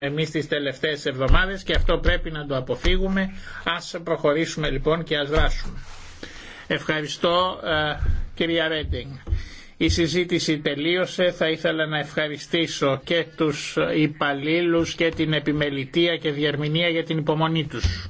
εμείς τις τελευταίες εβδομάδες και αυτό πρέπει να το αποφύγουμε. Ας προχωρήσουμε λοιπόν και ας δράσουμε. Ευχαριστώ ε, κυρία Ρέντινγκ. Η συζήτηση τελείωσε. Θα ήθελα να ευχαριστήσω και τους υπαλλήλους και την επιμελητία και διερμηνία για την υπομονή τους.